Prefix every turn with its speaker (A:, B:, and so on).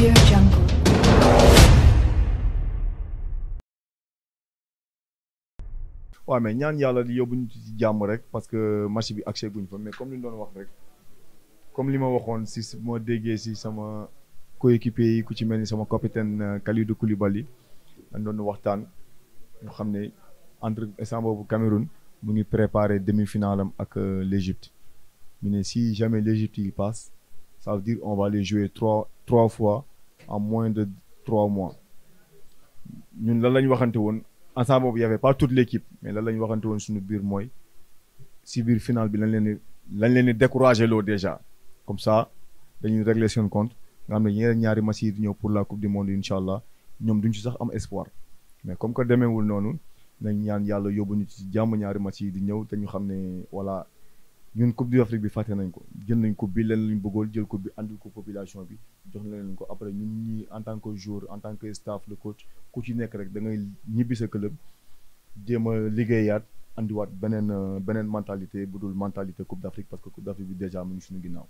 A: Audio
B: mais ñaan yàlla di yóbbu ñu ci jàmm rek parce que match bi accès guñ fa mais comme li ñu doon wax rek comme li ma waxoon si ma déggee si sama coéquipier yi ku ci mel ni sama capitaine euh, Kalidou Koulibaly dañ doon waxtaan ñu xam ne entre instant boobu Cameroun mu ngi préparé demi-finale ak euh, l'Égypte mu ne si jamais l'Égypte yi passe sa veut dire on va les jouer trois fois en moins de trois mois ñun lan la waxante woon ensemble boobu y par pas toute l' équipe mais lan la waxante woon suñu biir mooy si biir final bi lañ leen di lañ leen di découragé loo déjà comme ça dañuy régler seen compte nga xam ne ñeneen ñaari match yi di ñëw pour la coupe du monde incha allah ñoom duñ ci sax am espoir mais comme que demeewul noonu nañ ñaan yàlla yóbbu ñu ci jàmm ñaari match yi di ñëw te ñu xam ne voilà. ñun coupe d'Afrique bi fàtte nañ ko jël nañ coupe bi leen lañ bëggool jël coupe bi andil ko population bi jox leen ko après ñun ñii en tant que joueur en tant que staff le coach ku ci nekk rek da ngay ñibbi sa club jéem a liggéeyaat andiwaat beneen euh, beneen mentalité bu dul mentalité coupe d'Afrique parce que coupe d'Afrique bi déjà mu ngi suñu ginnaaw.